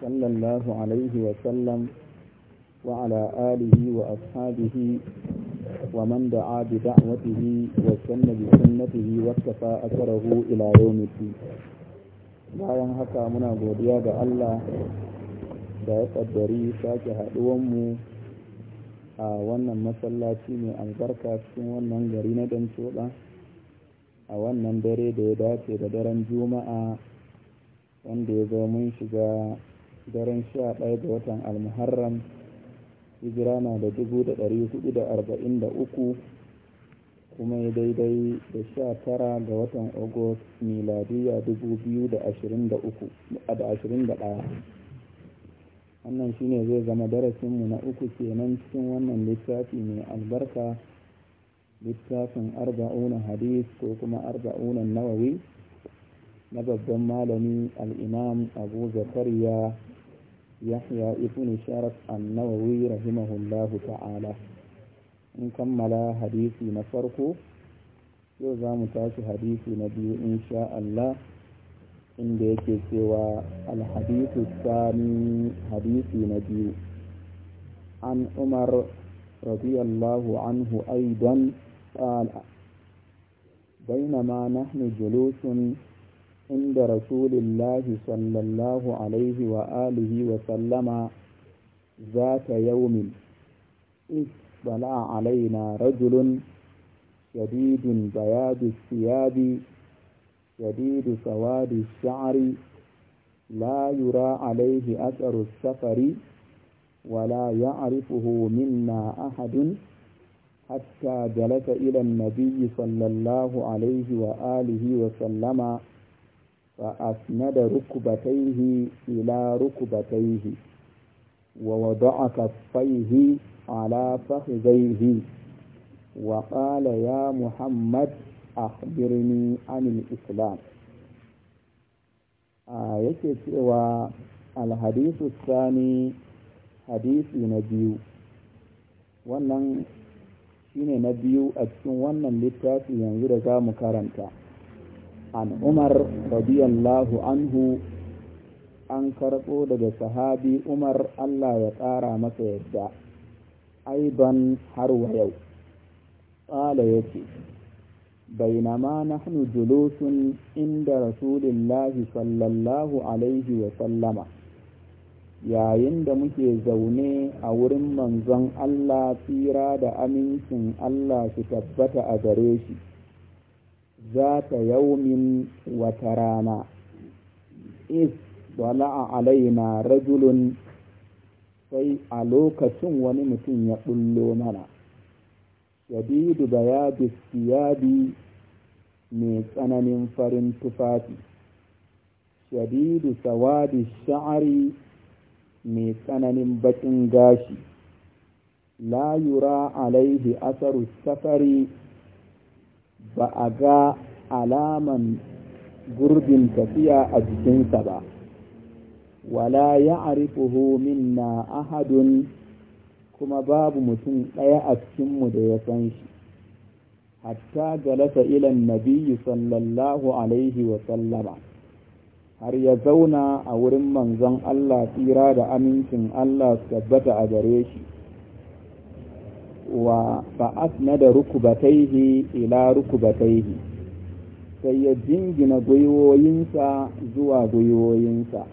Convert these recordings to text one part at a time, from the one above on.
صلى الله عليه وسلم وعلى آله وأصحابه ومن دعا بدعوته وسن بسنته واكتفى أثره إلى يوم الدين bayan haka muna godiya ga Allah da ya kaddari sake haɗuwanmu a wannan masallaci mai albarka cikin wannan gari na Dancoɗa a wannan dare da ya dace da daren Juma'a wanda ya zo mun shiga daren sha ɗaya ga watan almuharram hijira na da dubu da ɗari hudu da arba'in da uku kuma ya daidai da sha tara ga watan agust miladiya dubu biyu da ashirin da uku da ashirin da ɗaya wannan shine zai zama darasinmu na uku kenan cikin wannan littafi mai albarka littafin arba'una hadis ko kuma arba'una nawawi na babban malami al'imam abu zakariya yahya ibn sharaf annawawi rahimahullahu ta'ala in kammala hadisi na farko yau za mu tashi hadisi na biyu insha Allah inda yake cewa alhadisu sami hadisi na biyu an umar radiyallahu anhu aidan قال بينما نحن جلوس عند رسول الله صلى الله عليه وآله وسلم ذات يوم اطلع علينا رجل شديد بياض الثياب شديد سواد الشعر لا يرى عليه أثر السفر ولا يعرفه منا أحد حتى جلس إلى النبي صلى الله عليه وآله وسلم فأسند ركبتيه إلى ركبتيه ووضع كفيه على فخذيه وقال يا محمد أخبرني عن الإسلام آية سوى الحديث الثاني حديث نبيو ونن شين نبيو أجسون ونن لتاتي ينزل يعني زام an umar radiyallahu anhu an karɓo daga sahabi umar allah ya tsara masa yadda aiban har wa yau ƙala ya ce بينما nahnu جلوس inda رسول الله alaihi الله عليه yayin da muke zaune a wurin manzon Allah tsira da amincin Allah su tabbata a gare shi za ta yaumin wata rana is Alai alaina rajulun sai a lokacin wani mutum ya ɓullo mana shadidu bayadi siyabi mai tsananin farin tufafi shadidu sawadi sha'ari mai tsananin baƙin gashi la yura alaihi asaru safari ba a ga alaman gurbin tafiya a jikinsa ba wala ya arifuhu minna ahadun kuma babu mutum ɗaya a cikinmu da ya san shi hatta galasa ilan nabiyyu sallallahu alaihi wa har ya zauna a wurin manzon Allah tsira da amincin Allah su tabbata a gare shi wa na da rukubataihi ila rukubataihi sai ya jingina gwiwoyinsa zuwa gwiwoyinsa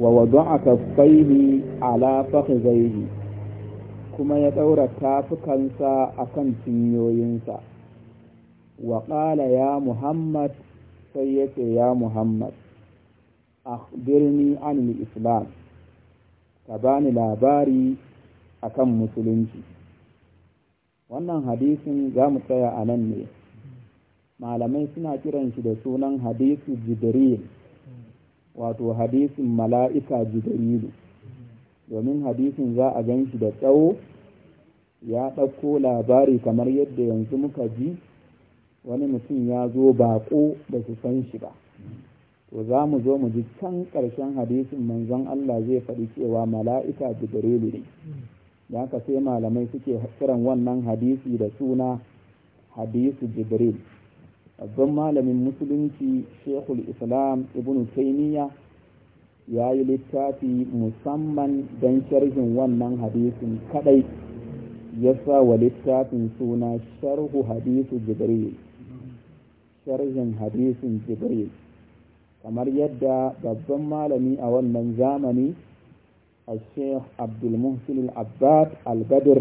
wa wada'a kafaihi ala fakhzaihi kuma ya ɗaura tafukansa akan cinyoyinsa wa qala ya muhammad sai yace ya muhammad akhbirni anil islam ka bani labari akan musulunci wannan hadisin za mu tsaya a nan ne malamai suna kiran shi da sunan hadisi jibril wato hadisin mala'ika jibrilu domin hadisin za a gan shi da tsawo ya ɗauko labari kamar yadda yanzu muka ji wani mutum ya zo baƙo da su san shi ba to za mu zo mu ji can ƙarshen hadisin manzon Allah zai faɗi cewa mala'ika jibrilu ne da haka sai malamai suke kiran wannan hadisi da suna hadisu jibril babban malamin musulunci shekul islam ibn taimiyya ya yi littafi musamman don sharhin wannan hadisin kadai ya sa wa littafin suna sharhu hadisu jibril sharhin hadisin jibril kamar yadda babban malami a wannan zamani الشيخ عبد المحسن العباد البدر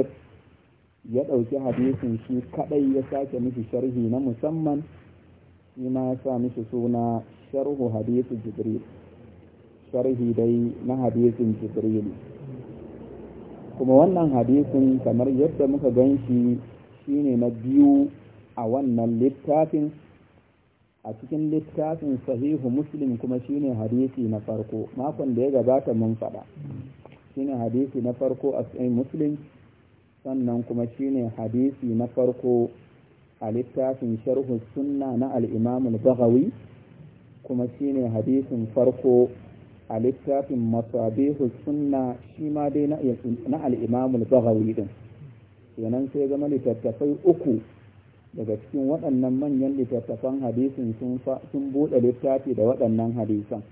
ya ɗauki hadisin shi kaɗai ya sace mishi sharhi na musamman shima yasa mishi suna sharhu hadisi jibril sharhi dai na hadisin jibril kuma wannan hadisin kamar yadda muka gan shi shine na biyu a wannan littafin a cikin littafin sahihu muslim kuma shine hadisi na farko makon da ya gabata mun faɗa shine hadisi na farko a sahihu muslim sannan kuma shine hadisi na farko a littafin sharhu sunna na al'imamul bahawi kuma shine hadisin farko a littafin masabihu sunna shi ma dai na al'imamul bahawi din kenan sai zama littattafai uku daga cikin waɗannan manyan littattafan hadisin sun buɗe littafi da waɗannan hadisan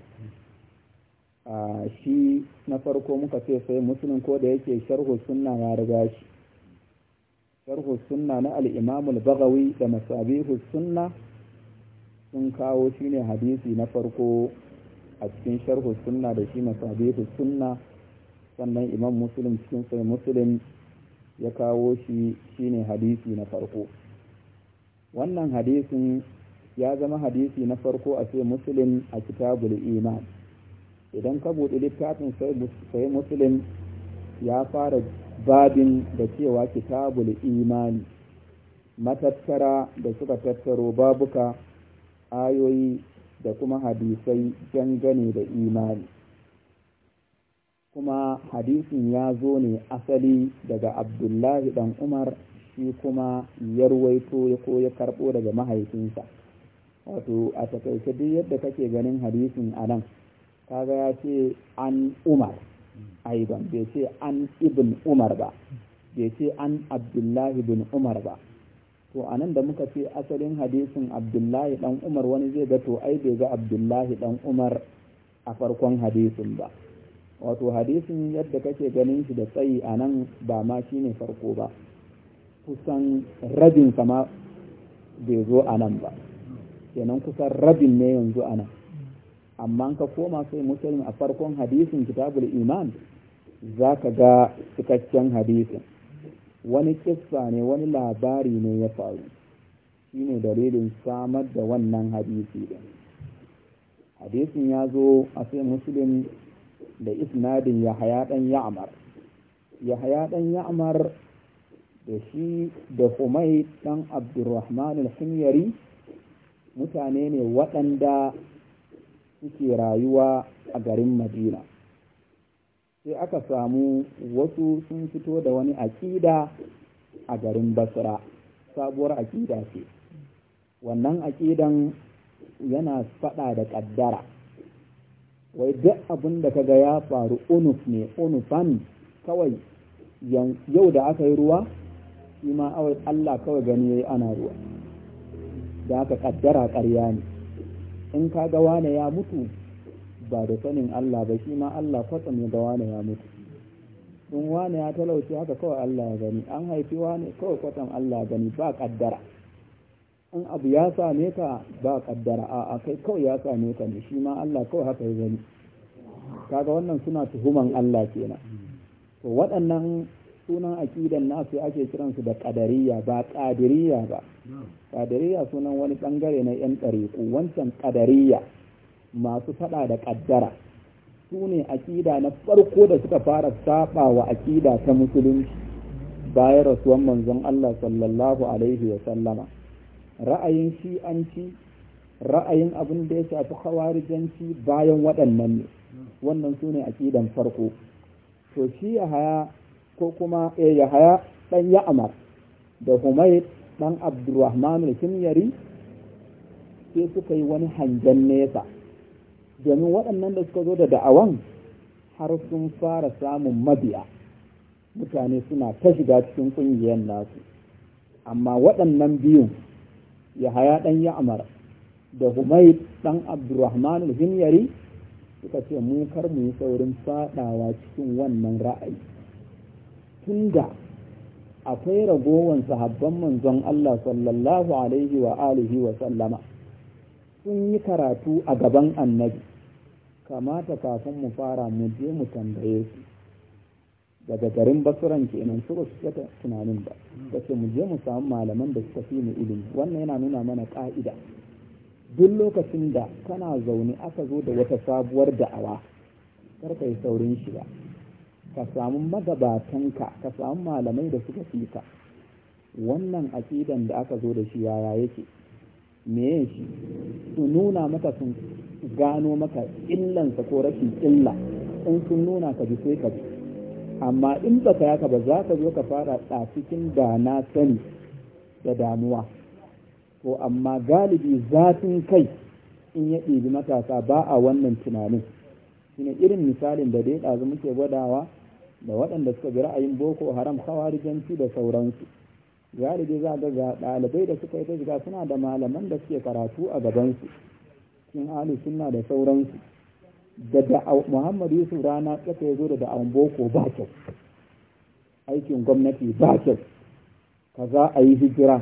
A shi na farko muka ce sai musulun ko da yake sharhu sunna ya riga shi sharhu sunna na al'imamul bagawi da masabihu sunna sun kawo shi ne hadisi na farko a cikin sharhu sunna da shi masabihu sunna sannan imam musulun cikin sai musulun ya kawo shi shine hadisi na farko wannan hadisin ya zama hadisi na farko a sai muslim a kitabul iman idan ka buɗe littafin sai muslim ya fara babin da cewa kitabul imani matattara da suka tattaro babuka ayoyi da kuma hadisai dangane da imani kuma hadisin ya zo ne asali daga abdullahi dan umar shi kuma ya ruwaito ya ko ya karɓo daga mahaifinsa wato a takaice duk yadda kake ganin hadisin a nan kaga ya ce an umar aiban bai ce an ibn umar ba bai ce an abdullahi bin umar ba to a nan da muka ce asalin hadisin abdullahi dan umar wani zai ga to ai bai ga abdullahi dan umar a farkon hadisin ba wato hadisin yadda kake ganin shi da tsayi a nan ba ma shi ne farko ba kusan rabin kama bai zo a nan ba kenan kusan rabin ne yanzu a nan amma ka koma sai musulmi a farkon hadisin kitabul iman za ka ga cikakken hadisin wani kissa ne wani labari ne ya faru shi ne dalilin samar da wannan hadisi din hadisin ya zo a sai musulmi da isnadin ya haya ɗan ya'amar ya haya ɗan ya'amar da shi da humai ɗan abdurrahman al-himyari mutane ne waɗanda suke rayuwa a garin madina sai aka samu wasu sun fito da wani aƙida a garin basra sabuwar aƙida ce wannan aƙidan yana faɗa da ƙaddara wai duk abin da kaga ya faru unuf ne unufan kawai yau da aka yi ruwa shi ma Allah kawai gani yayi ana ruwa da haka kaddara ƙarya ne in ka ga wane ya mutu ba da sanin Allah ba shi ma Allah kwatsam ya ga wane ya mutu in wane ya talauci haka kawai Allah ya gani an haifi wane kawai kwatsam Allah ya gani ba kaddara in abu ya same ka ba kaddara a kai kawai ya same ka ne shi ma Allah kawai haka ya gani kaga wannan suna tuhuman Allah kenan to waɗannan sunan akidan nasu ake kiransu da kadariya ba kadariya ba kadariya sunan wani bangare na 'yan dariku wancan kadariya masu faɗa da ƙaddara sune ne aƙida na farko da suka fara saɓa wa aƙida ta musulunci bayan rasuwan manzon Allah sallallahu alaihi wa sallama ra'ayin shi'anci ra'ayin abin da ya shafi hawarijanci bayan waɗannan ne wannan su ne aƙidan farko to shi ya haya ko kuma eh, yahaya dan ya'mar da humayd dan abdurrahman al yari sai suka yi wani hangen nesa domin waɗannan da suka zo da da'awan har sun fara samun mabiya mutane suna ta shiga cikin ƙungiyar nasu amma waɗannan biyun yahaya ɗan ya'mar da humaid ɗan abdurrahman al suka ce mu kar mu yi saurin faɗawa cikin wannan ra'ayi tunda akwai ragowan sahabban manzon Allah sallallahu alaihi wa alihi wa sallama sun yi karatu a gaban annabi kamata kafin mu fara mu je mu tambaye su daga garin basuran kenan su basu ta tunanin ba Da ke mu je mu samu malaman da suka fi mu ilimi wannan yana nuna mana ka'ida duk lokacin da kana zaune aka zo da wata sabuwar da'awa kar yi saurin shiga ka samu magabatanka ka samu malamai da suka fi ka wannan aqidan da aka zo da shi yaya yake meye shi su nuna maka sun gano maka illansa ko rashin illa in sun nuna ka ji sai ka bi amma in ba ka yaka ba za ka zo ka fara ɗafikin cikin da na sani da damuwa ko amma galibi zafin kai in ya ɗibi matasa ba a wannan tunanin shine irin misalin da dai ɗazu muke gwadawa da waɗanda suka bi ra'ayin boko haram kawarijanci da sauransu galibi za ga ɗalibai da suka yi ta shiga suna da malaman da suke karatu a gabansu cikin ali suna da sauransu da Muhammad Yusuf rana tsaka ya zo da da'awun boko ba kyau aikin gwamnati ba kyau Ka za a yi hijira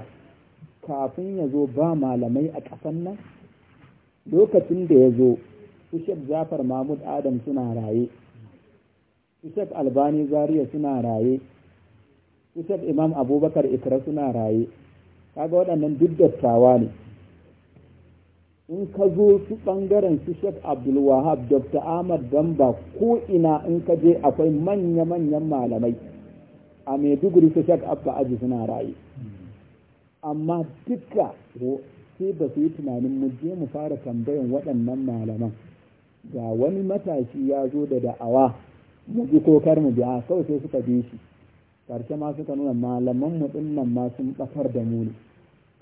kafin ya zo ba malamai a ƙasan nan lokacin da ya zo Bishop zafar Mahmud Adam suna raye Yusuf Albani Zaria suna raye, Yusuf Imam Abubakar Ikra suna raye, kaga waɗannan duk dattawa ne. In ka zo su ɓangaren su Sheikh Abdul Wahab, Dr. Ahmad Gamba ko ina in ka je akwai manya-manyan malamai. A Maiduguri su Sheikh Abba Aji suna raye. Amma duka sai ba su yi tunanin mu je mu fara tambayan waɗannan malaman. Ga wani matashi ya zo da da'awa mu bi ko kar mu biya kawai sai suka bi shi karshe ma suka nuna malaman mu din nan ma sun batar da mu ne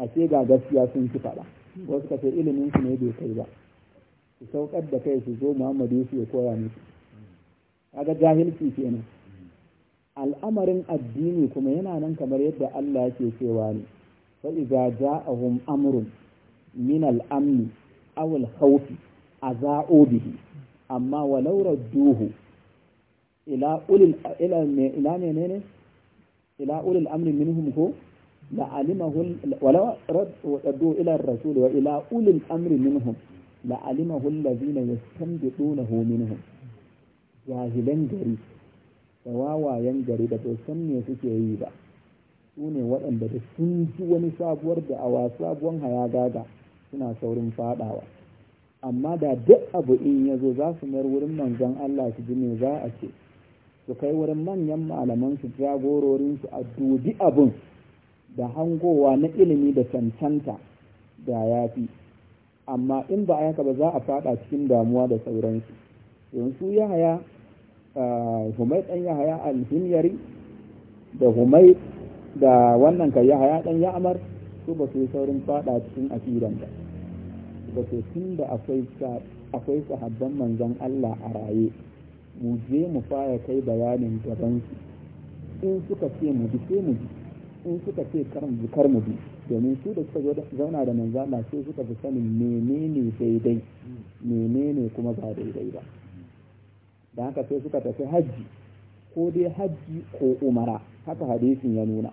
a ce ga gaskiya sun ci faɗa wasu ka ce ilimin su ne bai kai ba su saukar da kai su zo Muhammadu su ya koya musu kaga jahilci kenan al'amarin addini kuma yana nan kamar yadda Allah yake cewa ne fa iza ja'ahum amrun min al-amn aw al-khawf aza'u bihi amma walau radduhu ila ulil ila ila menene ila ulil amri minhum ko la alimahu wala tadu ila rasul wa ila ulil amri minhum la alimahu alladhina yastanbitunahu minhum jahilan gari da wawayen gari da to san me suke yi ba su ne waɗanda da sun ji wani sabuwar da awa sabuwar hayagaga suna saurin fadawa amma da duk abu in yazo za su mayar wurin manzon Allah su ji me za a ce su kai wurin manyan malaman su jagororin su a dubi abun da hangowa na ilimi da cancanta da yafi amma in ba a yaka ba za a fada cikin damuwa da sauransu yanzu yahaya humai dan yahaya alhimyari da humai da wannan kai yahaya dan Yamar, su ba su yi saurin fada cikin akidan ba ba su tun da akwai sahabban manzon Allah a raye mu je mu fara kai bayanin gabansu in suka ce mu bi sai mu bi in suka ce kar mu bi kar mu domin su da suka zauna da manzala zaɓa sai suka fi sanin menene daidai menene kuma ba daidai ba da haka sai suka tafi hajji ko dai hajji ko umara haka hadisin ya nuna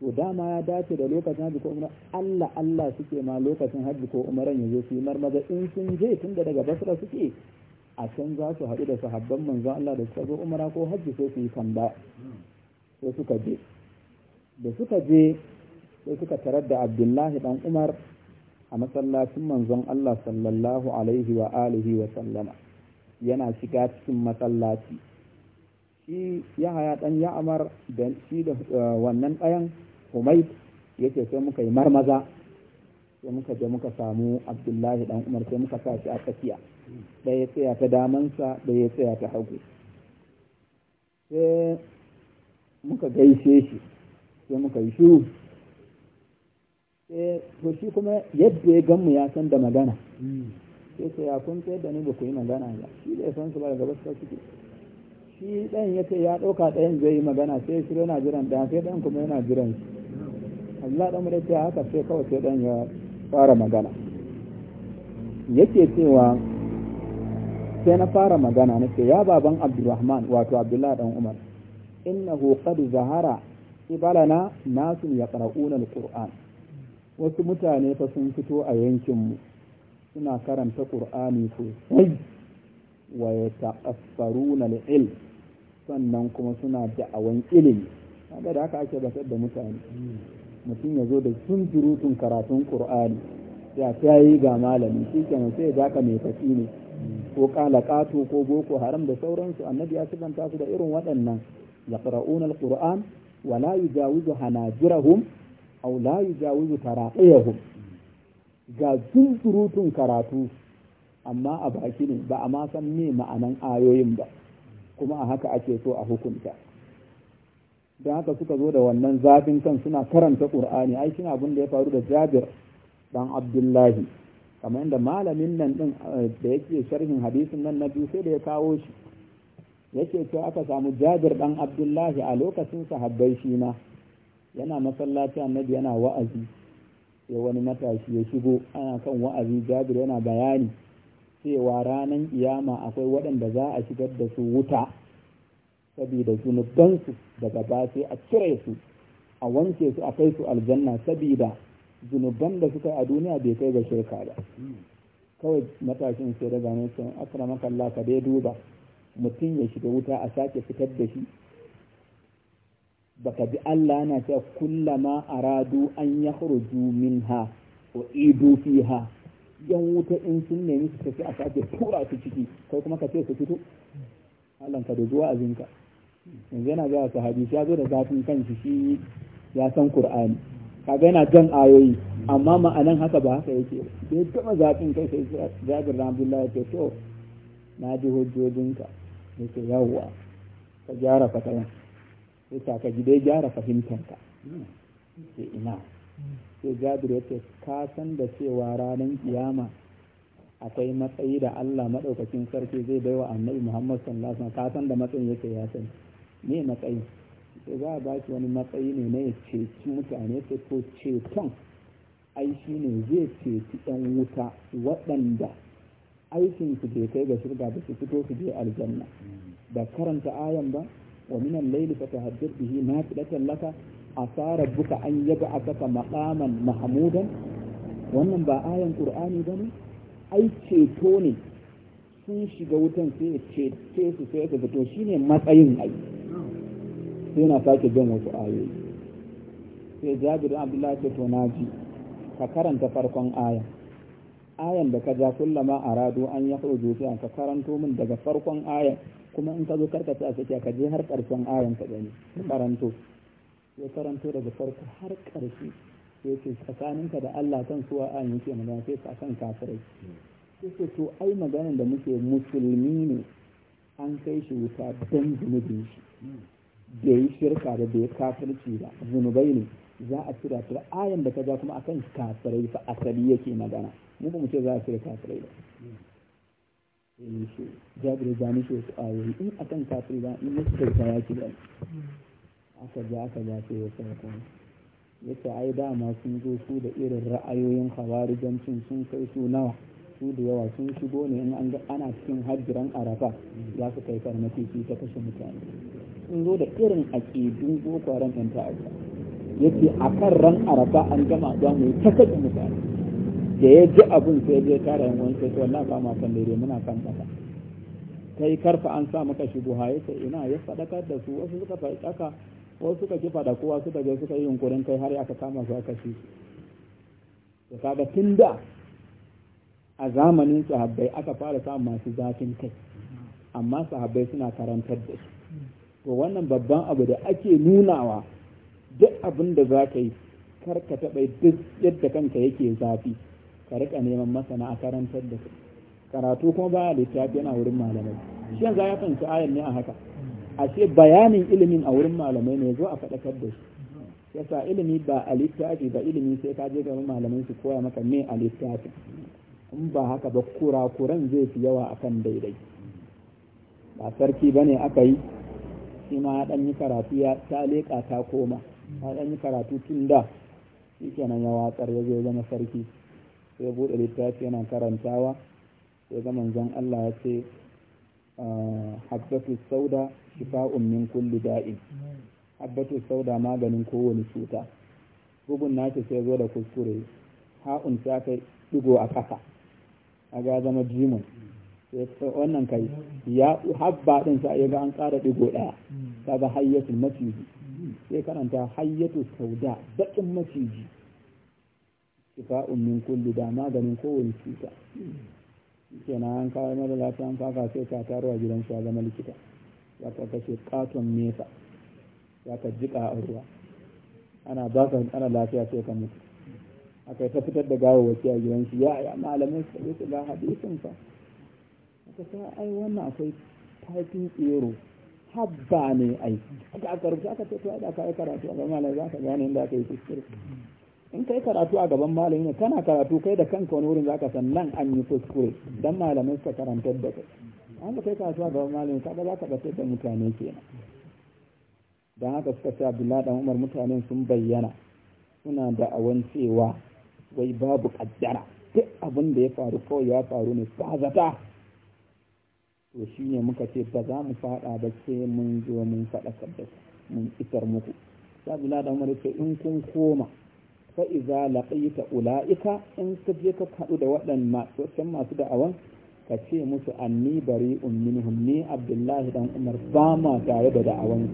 to dama ya dace da lokacin hajji ko umara Allah Allah suke ma lokacin hajji ko umaran ya zo su yi marmaza in sun je tun daga basra suke a can za su haɗu da sahabban manzo Allah da suka zo umara ko hajji sai su yi kamba sai suka je da suka je sai suka tarar da Abdullahi Ɗan Umar a masallacin manzon Allah sallallahu alaihi wa alihi wa sallama yana shiga cikin masallaci shi ya Yahaya dan Ya'mar da shi da eh, wannan ɗayan Humayd yake sai muka yi marmaza sai muka je muka samu Abdullahi Ɗan Umar sai muka sa shi a tsakiya ɗaya tsaya ta damansa ɗaya tsaya ta hagu sai muka gaishe shi sai muka yi shuru sai eh, to shi kuma yadda ya ganmu ya san da magana sai sai ya kun da ni ba ku yi magana ba shi da ya san su ba daga basu suke shi ɗan ya ce ya ɗauka ɗayan zai yi magana sai shi yana jiran ɗan sai ɗan kuma yana jiran shi Allah ɗan ce haka sai kawai sai ɗan ya fara magana yake cewa sai na fara magana nake ya baban abdurrahman wato abdullahi dan umar innahu qad zahara ibalana nasu yaqra'una alquran wasu mutane fa sun fito a yankin mu suna karanta qur'ani sosai wa yata'affaruna alilm sannan kuma suna da'awan ilimi kaga da haka ake batar da mutane mutum ya zo da sun surutun karatun qur'ani ya ta yi ga malami shi kenan sai ya mai tafi ne ko kalakatu ko boko haram da sauransu annabi ya sukanta su da irin waɗannan yaqra'una alquran wa la yujawizu hanajirahum aw la yujawizu taraqiyahum ga surutun karatu amma a baki ne ba a ma san me ma'anan ayoyin ba kuma a haka ake so a hukunta don haka suka zo da wannan zafin kan suna karanta ƙur'ani ai abin da ya faru da jabir dan abdullahi kamar yadda malamin nan din eh, da yake sharhin hadisin nan na biyu sai da ya kawo shi yake cewa aka samu jabir dan abdullahi a lokacin sahabbai shi ma yana masallaci annabi yana wa'azi sai wani matashi ya shigo ana kan wa'azi jabir yana bayani cewa ranan iyama akwai waɗanda za a shigar da su wuta saboda zunubansu daga ba sai a cire su a wanke su a kai su aljanna saboda zunuban da suka a duniya bai kai ga shirka ba kawai matashin sai da gane sun akra maka Allah ka dai duba mutum ya shiga wuta a sake fitar da shi baka bi Allah yana cewa kullama aradu an yakhruju minha wa idu fiha yan wuta in sun nemi su tafi a sake tura su ciki kai kuma ka ce su fito Allah ka zuwa azinka yanzu yana ga sahabi ya zo da zafin kanshi shi ya san Kur'ani. kaga yana jan ayoyi amma ma'anan haka ba haka yake da ya taɓa zaɓin kai sai jabir abdullahi ya to na ji hujjojinka ya ce yawwa ka gyara fatawa sai ta ka gidai gyara fahimtanka sai ina sai jabir ya ce ka da cewa ranar kiyama akwai matsayi da Allah maɗaukacin sarki zai baiwa annabi Muhammad sallallahu alaihi wasallam ka da matsayin yake ya sani me matsayin to za a ba shi wani matsayi ne na ya ceci mutane sai ko ceton ai shi ne zai ceci 'yan wuta waɗanda aikin su ke kai ga shirga ba su fito su je aljanna da karanta ayan ba wa minan laili fa tahajjir bihi nafilatan laka asa buka an yaba asaka maqaman mahmudan wannan ba ayan qur'ani bane ai ceto ne sun shiga wutan sai ya cece su sai ka fito shine matsayin ai sai na sake jin wasu ayoyi sai jabirin abdullahi ce to na ji ka karanta farkon aya ayan da ka ja kullama rado an ya furu zuciya ka karanto min daga farkon aya kuma in ka zo karkata a sake ka je har karshen ayan ka gani karanto ya karanto daga farko har ƙarshe ya ce tsakaninka da Allah kan suwa a yake magana sai ka kafirai sai ce to ai maganin da muke musulmi ne an kai shi wuta don zunubin shi bai yi shirka da bai kafirci ba zunubai ne za a cire ta ayan da ka ja kuma akan kafirai fa asali yake magana mu ba mu ce za a cire kafirai ba jabir da ni shi wasu ayoyi in akan kafirai ba in yake da ta ci ba aka ja aka ja sai ya san ko yace ai dama sun zo su da irin ra'ayoyin hawarijancin sun kai su nawa su da yawa sun shigo ne in an ga ana cikin hajjiran arafa za su kai farmaki su ta kashe mutane sun zo da irin aƙidun boko haram ɗan ta'adda yace a kan ran arafa an gama da mu ta kaɗa mutane da ya ji abin sai zai tara yin wani sai wallahi ba ma kan daidai muna kan Ta yi karfa an sa maka ya yace ina ya faɗakar da su wasu suka faɗaka wasu suka kifa da kowa suka je suka yi yunkurin kai har aka kama su aka shi to kaga tun da a zamanin sahabbai aka fara samun masu zafin kai amma sahabbai suna karantar da su to wannan babban abu da ake nunawa duk abin da za ka yi kar ka taɓa duk yadda kanka yake zafi ka riƙa neman masana a karantar da karatu kuma baya littafi yana wurin malamai shi yanzu ya fahimci ayan ne a haka ashe bayanin ilimin a wurin malamai ne zo a faɗakar da shi yasa ilimi ba a littafi ba ilimi sai ka je gaban malamai su koya maka me a littafi in ba haka ba kurakuran zai fi yawa akan daidai ba sarki bane aka yi shi ma ya yi karatu ya ta leƙa ta koma ya dan yi karatu tun da shi kenan ya watsar ya zo zama sarki sai buɗe littafi yana karantawa sai ga manzon Allah ya ce ah, habbatu sauda shifa'un min kulli da'in habbatu sauda maganin kowane cuta bugun nace sai zo da kuskure ha'un ta kai digo a kafa a zama jimu wannan kai ya habba din sai ya ga an ƙara digo ɗaya ga Hayyatu masiji sai karanta hayyatu sauda baƙin maciji shifa'un min kulli da maganin kowane cuta na an kawo mara lafiya an faka sai ka taro a gidan ya zama likita za ka kashe katon nesa za ka jiƙa a ruwa ana baka ana lafiya sai ka mutu akai ta fitar da gawo wasu a gidan shi ya malamai su la hadisin fa suka sa ai wannan akwai typing tsero habba ne aiki. aka aka rubuta aka ce to ai da aka yi karatu a gaban malami za ka gane inda aka yi kuskure in kai karatu a gaban malami ne kana karatu kai da kanka wani wurin za ka san nan an yi kuskure dan malamai suka karantar da kai an ba kai karatu a gaban malami kaga za ka bace da mutane kenan don haka suka ce abdullahi dan umar mutanen sun bayyana suna da awan cewa wai babu kaddara duk abin da ya faru kawai ya faru ne ba zata to ne muka ce ba za mu faɗa ba sai mun zo mun faɗakar da mun isar muku sabila da umar ce in kun koma fa iza ta ulaika in ka je ka haɗu da waɗannan masu da'awan ka ce musu anni bari minhum hunni abdullahi dan umar ba ma tare da da'awan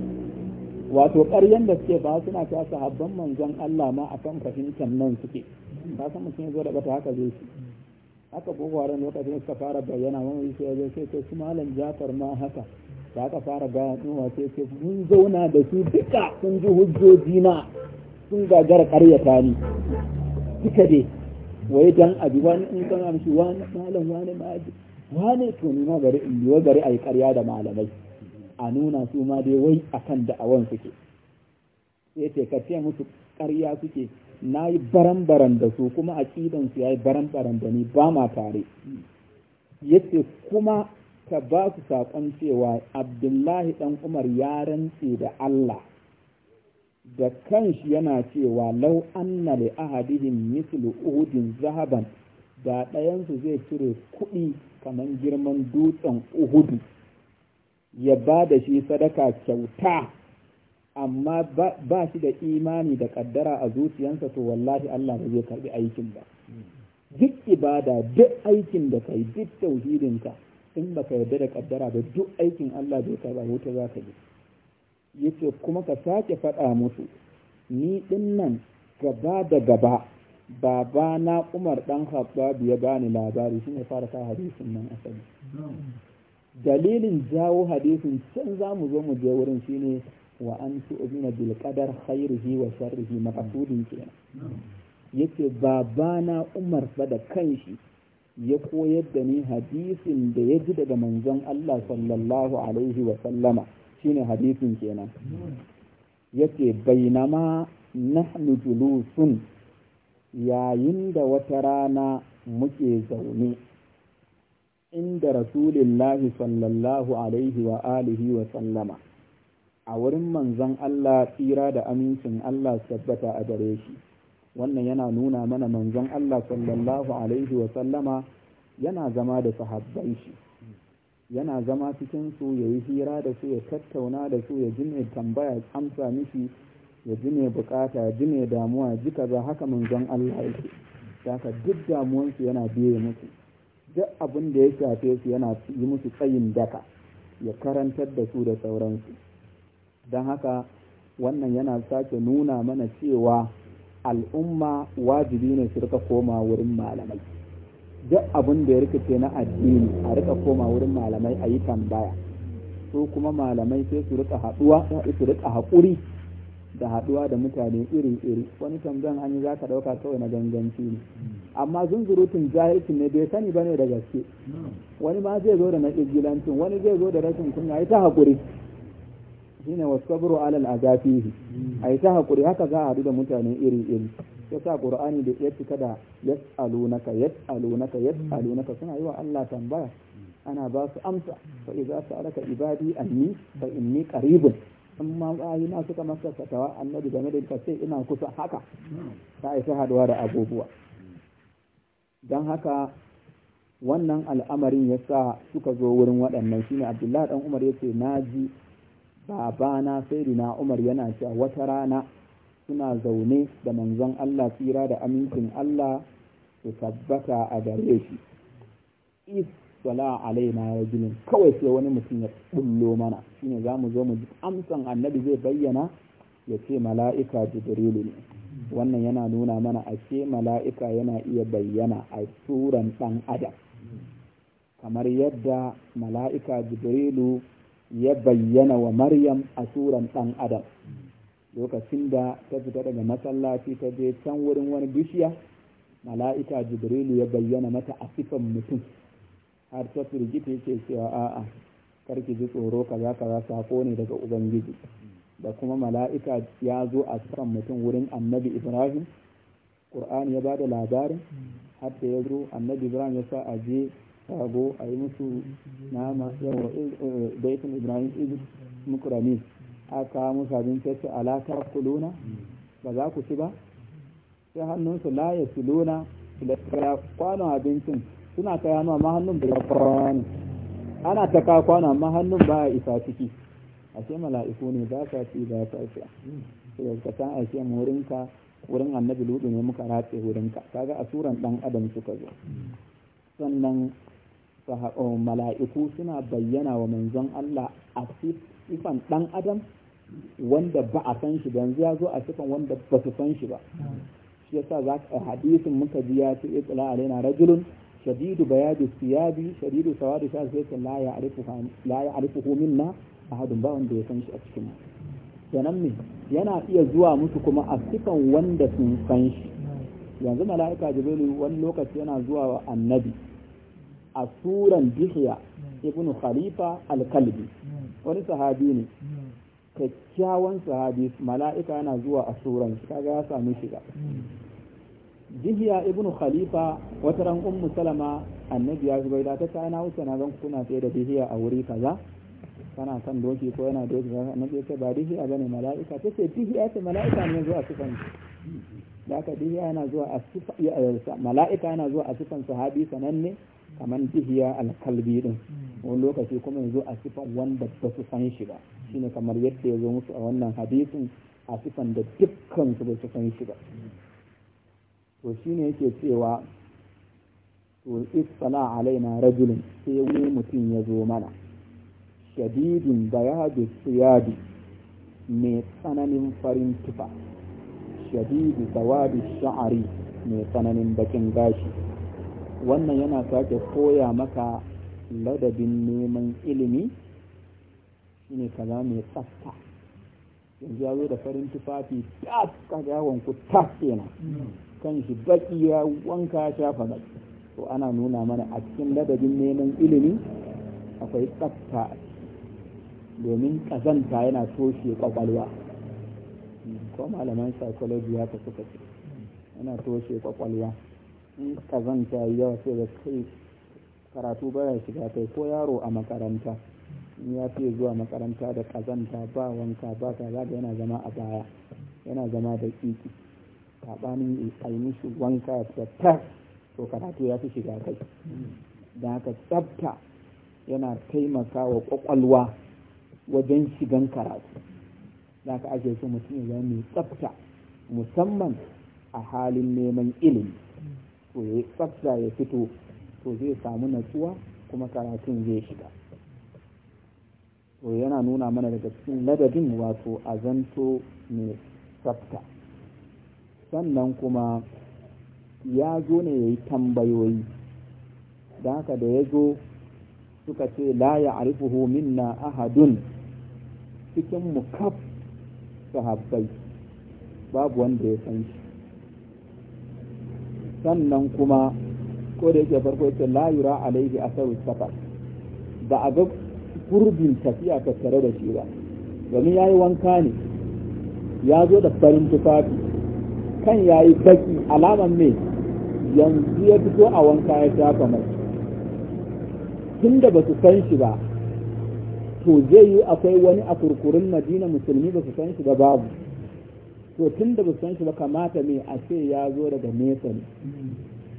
wato ƙaryan da suke ba suna ta sahabban manzon Allah ma akan fahimtar nan suke ba san mutum ya zo da bata haka zai shi haka boko haram lokacin suka fara bayyana wani sai wajen sai ce su malam jafar ma haka da aka fara gaya ɗin wace ce mun zauna da su duka sun ji hujjoji na sun gagara ƙaryata ni duka dai wai dan abi wani in kan amshi wani malam wani ma'aji wani to ni ma gari in biyo a ayi ƙarya da malamai a nuna su ma dai wai akan da'awan suke sai ce musu ƙarya suke na yi baran-baran da su kuma a aƙidansu ya yi baran-baran da ni ba ma tare yace kuma ka ba su saƙon cewa abdullahi ɗan umar ya rantse da allah da kanshi yana cewa lau anna li ahadihim mislu uhudin zahaban da ɗayansu zai cire kuɗi kamar girman dutsen uhudu ya ba da shi sadaka kyauta amma ba shi da imani da kaddara a zuciyansa to wallahi Allah ba zai karbi aikin ba duk ibada duk aikin da kai duk ka, in baka yarda da kaddara ba duk aikin Allah bai karba wuta za ka yi yace kuma ka sake faɗa musu ni din nan gaba da gaba baba na Umar dan Khattab ya bani labari shine fara ka hadisin nan asali dalilin jawo hadisin can za mu zo mu je wurin shine wa an tu'mina bil qadar khairihi wa sharrihi maqsudin kenan yace babana Umar ba da kanshi ya koyar da ni hadisin da ya ji daga manzon Allah sallallahu alaihi wa sallama shine hadisin kenan yace bainama nahnu julusun yayin da wata rana muke zaune inda rasulillahi sallallahu alaihi wa alihi wa sallama a wurin manzon Allah tsira da amincin Allah tabbata a gare shi wannan yana nuna mana manzon Allah sallallahu alaihi wa sallama yana zama da sahabbai shi yana zama cikin su yayi hira da su ya tattauna da su ya ji mai tambaya amsa mishi ya ji mai bukata ya mai damuwa ji kaza haka manzon Allah yake haka duk damuwansu yana biye musu duk abin da ya shafe su yana yi musu tsayin daka ya karantar da su da sauransu don haka wannan yana sake nuna mana cewa al'umma wajibi ne su rika koma wurin malamai duk abin da ya rikice na addini a rika koma wurin malamai a yi tambaya su kuma malamai sai su rika haɗuwa su rika haƙuri da haɗuwa da mutane iri-iri wani tambayan an yi za ka ɗauka kawai na ganganci ne amma zunzurutun jahilcin ne bai sani ba ne da gaske wani ma zai zo da na wani zai zo da rashin kunya ta haƙuri shine wasabru alal a yi ta haƙuri haka za a haɗu da mutane iri iri sa qur'ani da ya cika da tsalunaka ya tsalunaka suna yi wa Allah tambaya ana ba su amsa fa idza sa'alaka ibadi anni fa inni qaribun amma na suka masa fatawa annabi game da ka ina kusa haka ta isa haduwa da abubuwa don haka wannan al'amarin ya sa suka zo wurin waɗannan shi ne abdullahi dan umar ya ce na ji babana sayyidina Umar yana cewa wata rana suna zaune da manzon Allah tsira da amincin Allah su tabbata a gare shi is sala alaina ya gini kawai sai wani mutum ya bullo mana Shi shine mu zo mu ji amsan annabi zai bayyana ya ce mala'ika jibrilu ne wannan yana nuna mana ashe mala'ika yana iya bayyana a suran ɗan adam kamar yadda mala'ika jibrilu ya bayyana wa Maryam a suran ɗan Adam. Lokacin da ta fita daga masallaci ta je can wurin wani bishiya, mala'ika Jibrilu ya bayyana mata a sifan mutum, har ta firgita yake cewa a'a, karki ji tsoro kaza kaza sako ne daga Ubangiji. Da kuma mala'ika ya zo a sifan mutum wurin annabi Ibrahim, Ƙur'ani ya ba da labarin, har da ya zo annabi Ibrahim ya sa a je sabo a yi musu nama yawon eh, eh, baitin ibrahim idris mukurami aka musu abinci ya ce kuluna ba za ku ci ba sai hannunsu la ya siluna kwanon abincin suna kai hannu amma hannun bai kwano ana ta ka kwano amma hannun ba isa ciki ashe mala'iku ne ba sa ci ba sa sha sai ka san ashe murinka wurin annabi ludu ne muka ratse wurinka kaga a suran dan adam suka zo sannan mala'iku suna bayyana wa manzon Allah a sifan ɗan adam wanda ba a san shi yanzu ya zo a sifan wanda ba su san shi ba shi yasa za ka hadisin muka ji ya ce itsala alaina rajulun shadidu bayadu siyabi shadidu sawadu sha sai ce la ya arifuhu minna ahadun ba wanda ya san shi a cikin mu kenan ne yana iya zuwa musu kuma a sifan wanda sun san shi yanzu mala'ika jibrilu wani lokaci yana zuwa wa annabi a suran dihiya ibn khalifa al-kalbi wani sahabi ne kyakkyawan sahabi mala'ika yana zuwa a suran shi kaga ya sami shiga dihiya ibn khalifa wata ran ummu salama annabi ya zubai da ta ta yana wuce na zan kuna tsaye da dihiya a wuri kaza kana kan doki ko yana doki kaza annabi ya ce ba dihiya bane mala'ika ta ce dihiya ce mala'ika ne zuwa kan da aka dihiya yana zuwa a mala'ika yana zuwa a sifan sahabi sananne kamar tihiya alkalbi din wani lokaci kuma yanzu a sifan wanda ba su san shi ba shine kamar yadda ya zo musu a wannan hadisin a sifan da dukkan su ba su san shi ba to shine yake cewa to alai na rajulun sai wani mutum ya zo mana shadidin bayadu siyadi mai tsananin farin tufa shadidu sawadi sha'ari mai tsananin bakin gashi wannan yana sake koya maka ladabin neman ilimi ne kaza mai tsafta yanzu ya zo da farin tufafi tas kaga ku tas kan shi baki ya wanka shafa baki to ana nuna mana a cikin ladabin neman ilimi akwai tsafta domin kazanta yana toshe kwakwalwa ko malaman psychology ta suka ce yana toshe kwakwalwa in kazanta yawa sai da kai karatu ya shiga kai ko yaro a makaranta ya fi zuwa makaranta da kazanta ba wanka ba ka zaga yana zama a baya yana zama da kiki saɓanin a yi mishi wanka to karatu ya fi shiga kai da haka tsafta yana taimaka wa ƙwaƙwalwa wajen shigan karatu da haka ake so mutum ya zama mai tsafta musamman a halin neman ilimi to ya tsabta ya fito to zai samu natsuwa kuma karatun zai shiga to yana nuna mana daga cikin ladabin wato a zanto mai tsabta sannan kuma ya zo ne ya yi tambayoyi da haka da ya zo suka ce la ya arifuhu minna ahadun cikin mukaf sahabbai babu wanda ya san shi sannan kuma ko da yake farko yake la yura alaihi asaru safar ba a ga gurbin tafiya tattare da shi ba domin yi wanka ne ya zo da farin tufafi kan yayi baki alaman me yanzu ya fito a wanka ya shafa mai tun da ba su san shi ba to zai yi akwai wani a kurkurin madina musulmi ba su san shi ba babu to tun da san shi ba kamata mai a ce ya zo daga nesa ne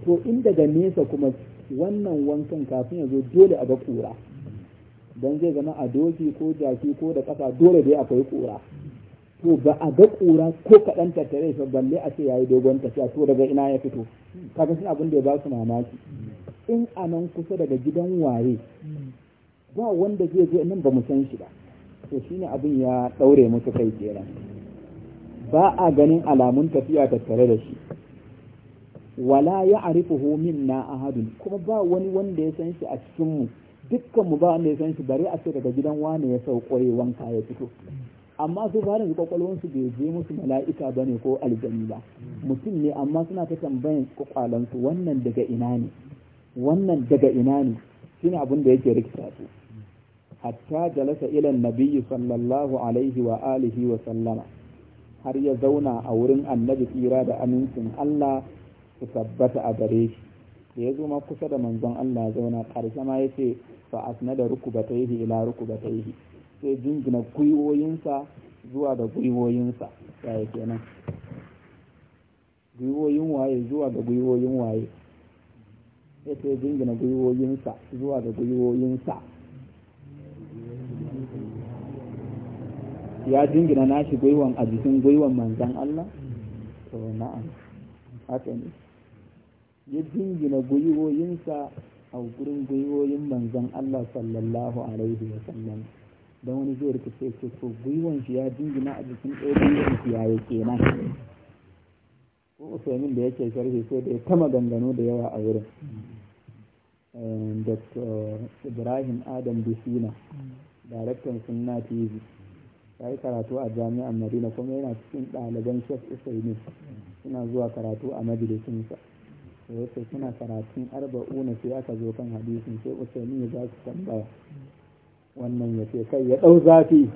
to in daga nesa kuma wannan wankan kafin ya zo dole a ga kura don zai zama a doki ko jaki ko da kasa dole dai akwai kura to ba a ga kura ko kaɗan tattare shi balle a ce yayi dogon tafiya to daga ina ya fito kafin shi abin da ya ba su mamaki in a nan kusa daga gidan waye ba wanda zai zo nan ba mu san shi ba to shine abin ya ɗaure musu kai kenan ba a ganin alamun tafiya tattare da shi wala ya arifuhu minna ahadun kuma ba wani wanda ya san shi a cikinmu dukkan mu ba wanda ya san shi bare a daga gidan wani ya sau ya wanka ya fito amma su fara da kwakwalwar su bai je musu mala'ika ba ne ko aljani ba mutum ne amma suna ta tambayan kwakwalan su wannan daga ina ne wannan daga ina ne shine abin da yake rikita su hatta jalasa ilan nabiyyi sallallahu alaihi wa alihi wa sallama har ya zauna a wurin annabi tsira da amincin Allah su tabbata a gare shi da ya zo ma kusa da manzon Allah zauna ƙarshe ma ya ce fa asna da ruku ba ila rukubataihi sai jingina gwiwoyinsa zuwa da gwiwoyinsa ya yi kenan gwiwoyin waye zuwa da gwiwoyin waye ya ce jingina gwiwoyinsa zuwa da gwiwoyinsa ya jingina nashi gwiwan a jikin gwiwan manzan Allah to na'am haka ne ya jingina gwiwoyinsa a gurin gwiwoyin manzan Allah sallallahu alaihi wa sallam don wani zai rika sai ce to gwiwan shi ya jingina a jikin ɗaya gwiwan shi ya yake nan ko usaimin da yake sharhi sai da ya kama gangano da yawa a wurin eh, Dr. Ibrahim Adam Bisina, Daraktan Sunna TV. ya yi karatu a jami'an madina kuma yana cikin ɗaliban shek usaini suna zuwa karatu a majalisinsa da yake suna karatun arba'una sai aka zo kan hadisin sai usaini ya za su tambaya wannan ya ce kai ya ɗau zafi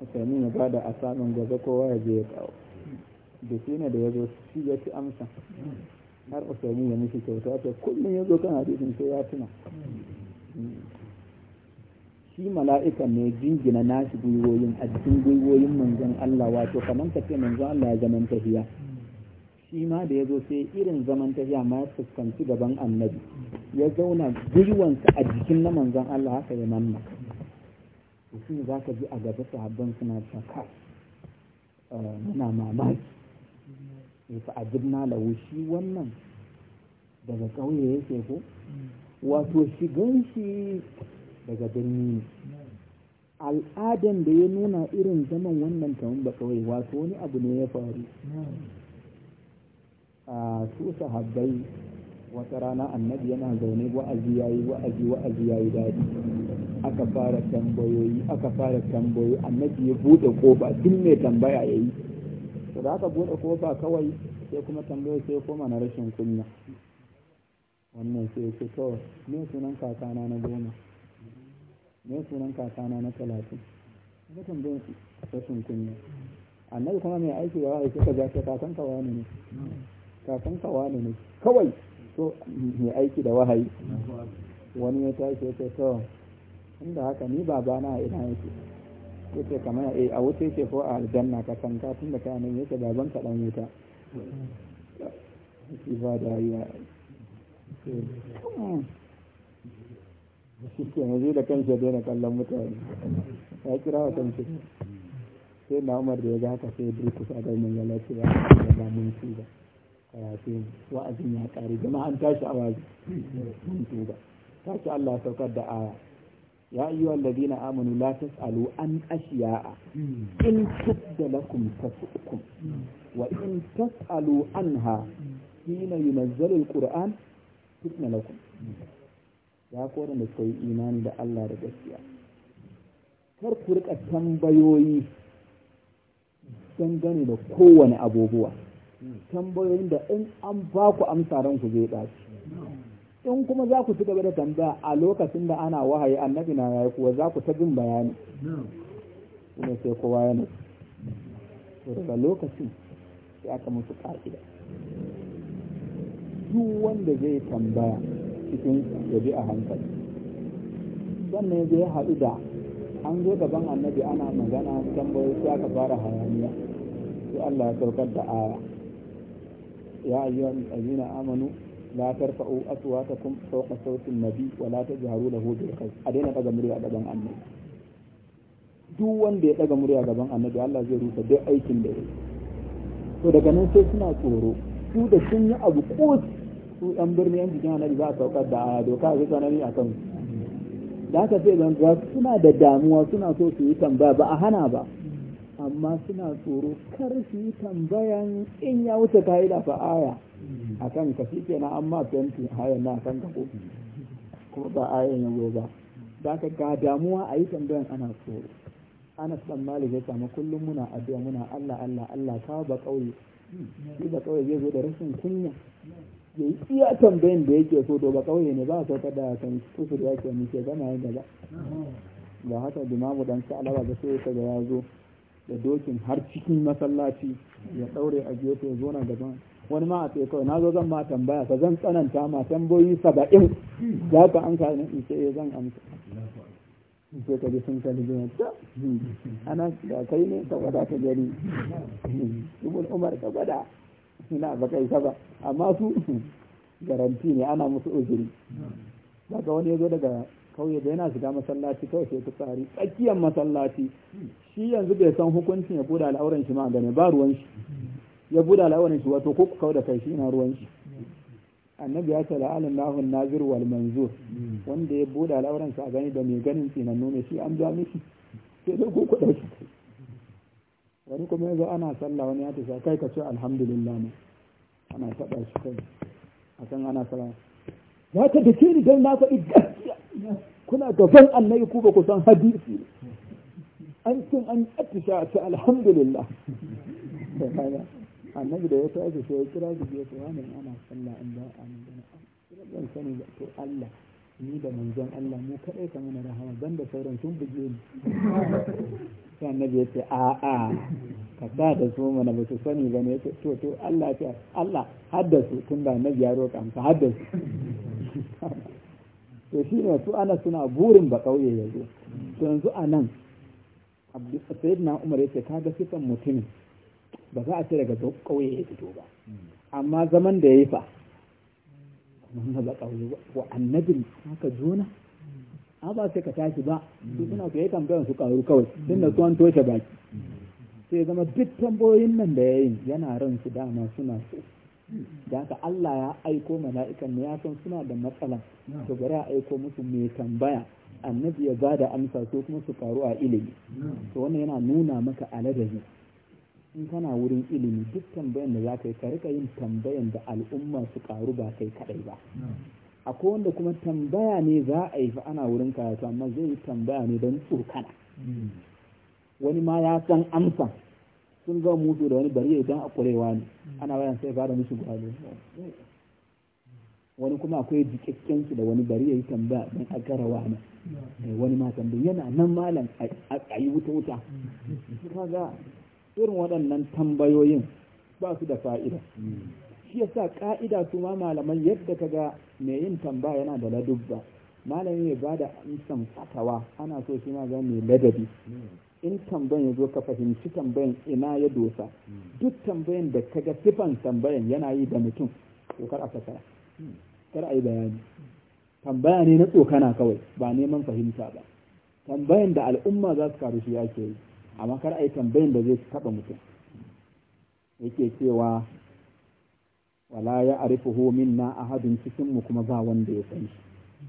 usaini ya ba da asamin gwaza kowa ya je ya kawo da shi ne da ya zo shi ya ci amsa har usaini ya mishi kyauta ta kullum ya zo kan hadisin sai ya tuna shi mala'ika ne jingina nashi gwiwoyin a cikin gwiwoyin manzon Allah wato kamar ka ce manzon Allah ya zaman tafiya. shi ma da ya zo sai irin zaman tafiya ma ya fuskanci gaban annabi ya zauna gwiwansa a jikin na manzon Allah haka ya manna shi za ka ji a gaba sahabban suna shaka eh, muna mamaki ya fa ajibna lahu shi wannan daga ƙauye yake ko wato shigan shi daga birni al'adan da ya nuna irin zaman wannan tamun ba kawai wato wani abu ne ya faru a su sahabbai wata rana annabi yana zaune wa'azi yayi wa'azi wa'azi yayi dadi aka fara tambayoyi aka fara tambayoyi annabi ya bude kofa duk mai tambaya yayi to da aka bude kofa kawai sai kuma tambayoyi sai koma na rashin kunya wannan sai ya ce kawai. me sunan kakana na goma ne sunan kakana na talatin ga tambayar su rashin kunya annabi kuma mai aiki da wahayi suka ja kakan ka ne ne kakan ka wani ne kawai so mai aiki da wahayi wani ya tashi ya ce to inda haka ni babana a ina yake ya ce kamar eh, a wuce ce ko a aljanna ka kanka tun da kayan nan yake baban ka dan wuta ba da ya shi ke yanzu da kanshi daina kallon mutane ya kira wa kanshi sai na umar da ya ga haka sai burkus a garmin ya lafi ya kasa da mun tuba karafi wa'azin ya kare gama an tashi a wazi mun tuba ce allah saukar da aya ya yi wa ladina amanu la tasalu an a, in tudda lakum tasukum wa in tasalu anha hina yunazzalul qur'an tudna lakum ya kora da suka yi imani da Allah da gaskiya kar ku rika tambayoyi dangane da kowane abubuwa tambayoyin da in an ba ku amsa ku zai dace, in kuma za ku ci gaba da tambaya a lokacin da ana wahayi annabi na yayi kuwa za ku ta bin bayani kuma sai kowa ya nufi daga lokacin sai aka musu kaida duk wanda zai tambaya cikin ya a hankali sannan ya ya haɗu da an zo gaban annabi ana magana tambayoyi sai aka fara hayaniya sai Allah ya saukar da aya ya ayyuhan allazina amanu la tarfa'u aswatakum fawqa sautin nabi wa la tajharu lahu bil qawl a daina daga murya gaban annabi duk wanda ya ɗaga murya gaban annabi Allah zai rusa duk aikin da yake to daga nan sai suna tsoro su da sun yi abu ko su ɗan birni yan jikin annabi za a saukar da doka a nari a kan da aka sai zan suna da damuwa suna so su yi tambaya ba a hana ba amma suna tsoro kar su yi tambayan in ya wuce ka'ida fa aya a kan ka shi kenan an ma fenti hayan na kan ka ko kuma ba ayan yanzu ba da aka ga damuwa a yi tambayan ana tsoro anas dan malik ya samu kullum muna addu'a muna Allah Allah Allah ka ba kauye shi ba kauye zai zo da rashin kunya ya yi iya tambayin da yake so to ba kauye ne ba a sauka da kan kusur ya ke nike gana yin gaba ba haka dimamu dan sa'alaba da sai ya zo da dokin har cikin masallaci ya daure a gefe ya zo na wani ma a ce kawai na zo zan ma tambaya ka zan tsananta ma tambayoyi saba'in za ka an ka in ce eh, zan amsa sai ka ji sun kalli jina ta hmm, ana da kai ne ka gwada ka gari ibn umar ka gwada na baka isa ba amma su garanti ne ana musu uzuri daga wani ya zo daga kauye da yana shiga masallaci kawai sai tsari tsakiyar masallaci shi yanzu bai san hukuncin ya buɗe al'auran shi ma gane ba ruwan shi ya buɗe al'auran shi wato ko kawai da kai shi na ruwan shi annabi ya ce la'alin lahun nazir wal manzur wanda ya buɗe al'auran sa gani da mai ganin tsinannu ne shi an ja mishi sai dai ko ku ɗauki wani kuma ya zo ana sallah wani ya ce kai ka ce alhamdulillah ne ana faɗa shi kai a kan ana za ni don na faɗi gaskiya kuna gaban annabi ku ba ku san hadisi an cin an atisha ta alhamdulillah annabi da ya tashi sai ya kira da ya tsaya ne ana sallah an ba a nan zan sani da to Allah ni da manzon Allah mu kadai ka mana rahama banda sauran sun bugi ni sai annabi ya ce a'a ka sa da su mana ba su sani ba ne to to Allah ya Allah haddasu tun da annabi ya roƙa ka haddasu to shi ne su ana suna burin ba kauye ya zo to yanzu a nan sayyidina umar ya ce ka ga sifan mutumin ba za a ce daga kauye ya fito ba amma zaman da ya yi fa wannan ba kauye wa annabin haka juna? a ba sai ka tashi ba su suna su yi tambayar su karu kawai tun da tuwon toshe baki sai zama duk tambayoyin nan da ya yi yana ran su dama suna so da haka Allah ya aiko mala'ikan ya san suna da matsala to bari a aiko musu mai tambaya annabi ya bada amsa to kuma su karu a ilimi to wannan yana nuna maka aladari in kana wurin ilimi duk tambayan da za ka yi ka rika yin tambayan da al'umma su karu ba kai kadai ba akwai wanda kuma tambaya ne za a yi fa ana wurin karatu amma zai yi tambaya ne don tsokana wani ma ya san amsa sun ga mutu da wani bari don a kurewa ne ana bayan sai fara musu gwalo wani kuma akwai jikakken su da wani bari ya yi tambaya don a garawa ne eh, wani ma tambayi yana nan malam a tsayi wuta wuta kaga irin waɗannan tambayoyin ba su da fa'ida shi sa ka'ida su ma malaman yadda ka ga mai yin tambaya yana da ladubba malami ya bada amsan fatawa ana so shi ma ga mai ladabi in tambayan zo ka fahimci tambayan ina ya dosa duk tambayan da ka ga sifan tambayan yana yi da mutum to kar a fasara kar a yi bayani tambaya ne na tsokana kawai ba neman fahimta ba tambayan da al'umma za su karu shi ya ke yi amma kar a yi tambayan da zai taɓa mutum yake cewa wala ya arifuhu minna a cikin mu kuma ba wanda ya san shi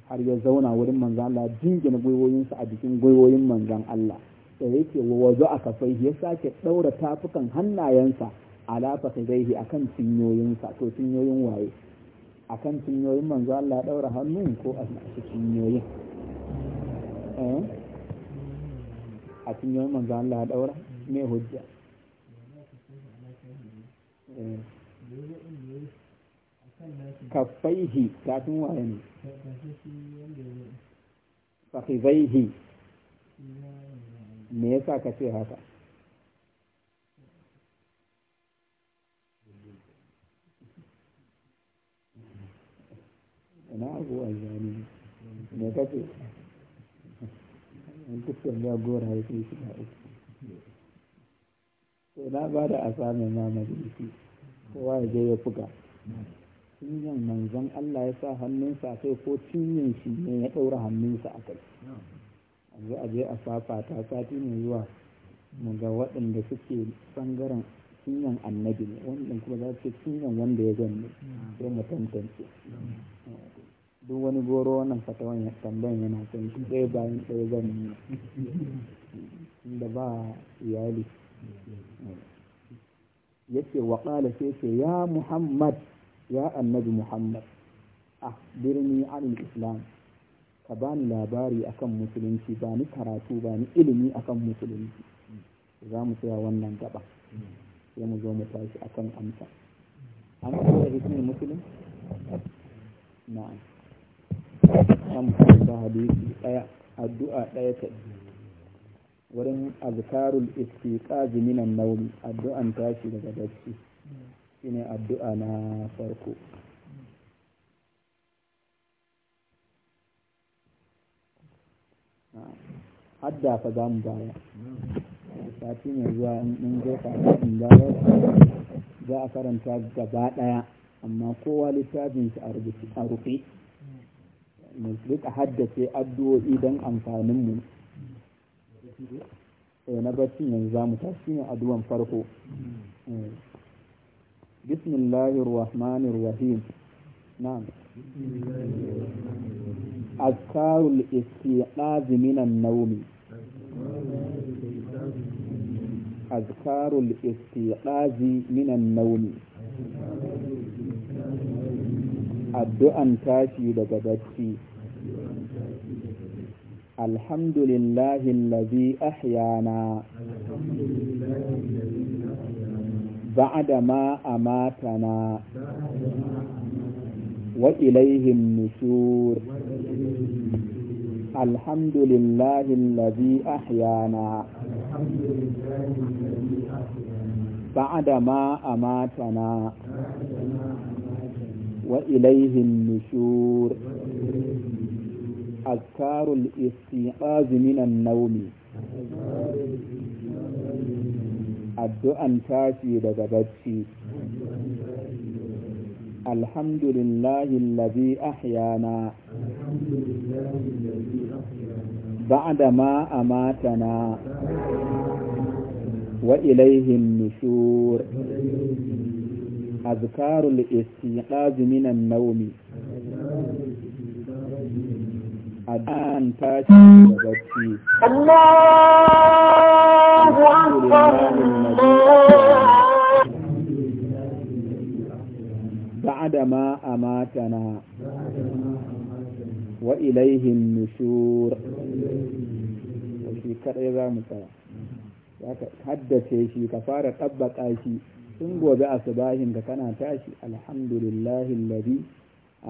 har ya zauna wurin manzan Allah jingina gwiwoyinsa a jikin gwiwoyin manzan Allah da yake wa wazo a kafai ya sake ɗaura tafukan hannayensa ala fasadaihi akan cinyoyinsa to cinyoyin waye akan cinyoyin manzan Allah ya ɗaura hannu ko a cinyoyin eh? a cinyoyin manzan Allah ya ɗaura me hujja eh. kaffaihi kafin waye ne fakhizaihi me yasa ka ce haka ina abuwa zani me ka ce an ya gora ya shi na uku ba da kowa ya je ya buga cinyan manzon Allah ya sa hannunsa a kai ko cinyan shi ne ya ɗaura hannunsa a kai yanzu a je a ta sati mai zuwa mu ga waɗanda suke ɓangaren cinyan annabi ne wannan kuma za su cinyan wanda ya gani sai mu tantance duk wani goro wannan fatawan tambayan yana son shi ɗaya bayan ɗaya da ba iyali yake wa qala sai ce ya muhammad ya annabi muhammad a birni an islam ka bani labari akan musulunci ba ni karatu ba ni ilimi akan musulunci za mu tsaya wannan gaba sai mu zo mu tashi akan amsa an da hikimin musulun na'am an da hadisi daya addu'a daya ta wurin azkarul istiqazi minan naumi addu'an tashi daga bacci shine addu'a na farko hadda fa za mu baya sati mai zuwa in zo in dawo za a karanta gaba ɗaya amma kowa littafin shi a rufe mu rika haddace addu'o'i don amfaninmu Eh, na barci yanzu za mu tashi ne addu'an farko eh. bismillahir rahmanir rahim na'am azkarul istiqaz minan nawmi azkarul minan nauni. addu'an tashi daga bacci الحمد لله الذي أحيانا بعدما أماتنا وإليه النشور الحمد لله الذي أحيانا بعدما أماتنا وإليه النشور azkarul istiqaz minan naumi addu'an tashi daga bacci alhamdulillahi allazi ahyana ba'da ma amatana wa ilaihin nushur azkarul istiqaz minan naumi addu'an tashi da bacci Allahu akbar ba'da ma amatana wa nushur za mu ka haddace shi ka fara tabbaka shi tun gobe asubahin ka kana tashi alhamdulillahi labi.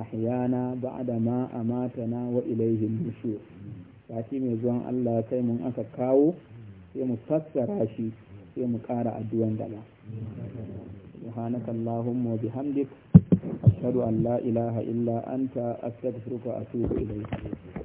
ahyana ba'da ma amatana wa ilaihi nushur shi mai zuwan Allah kai mun aka kawo sai mu fassara shi sai mu ƙara addu'an dala subhanaka allahumma wa bihamdik ashhadu an la ilaha illa anta astaghfiruka wa atubu ilayk